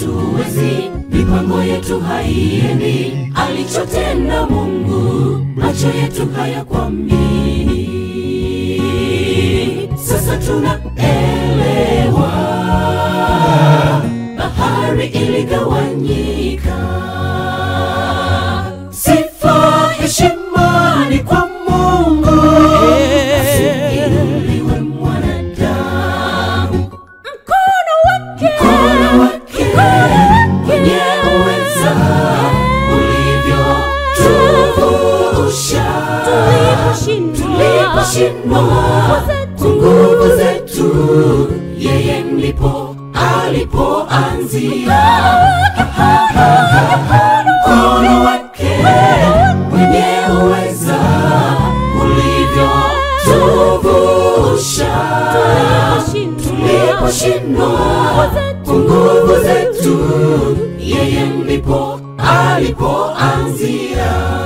hatuwezi, mipango yetu haiendi, alichotenda Mungu macho yetu hayakwamini Sasa tuna tunashindwa nguvu zetu, yeye alipoanzia. Mkono wake mwenye uweza ulivyotuvusha tuliposhindwa nguvu zetu, yeye alipoanzia.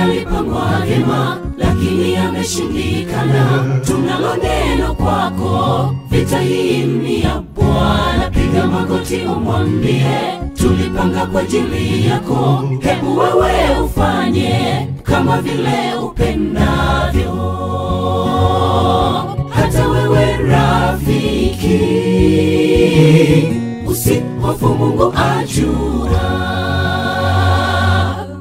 yalipangwa vyema, lakini yameshindikana. Tunalo neno kwako, vita hii ni ya Bwana. Piga magoti umwambie, tulipanga kwa ajili yako, hebu wewe ufanye kama vile upendavyo. Hata wewe rafiki, usihofu, Mungu ajua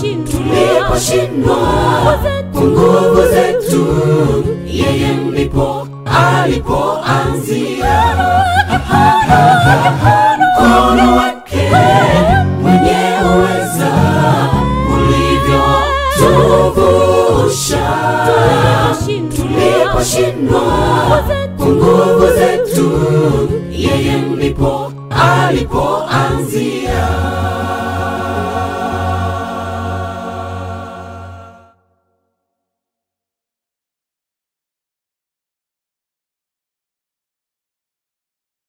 tuliposhindwa kwa nguvu zetu, yeye ndipo alipoanzia. Mkono wake mwenye uweza ulivyotuvusha tuliposhindwa kwa nguvu zetu, yeye ndipo alipoanzia.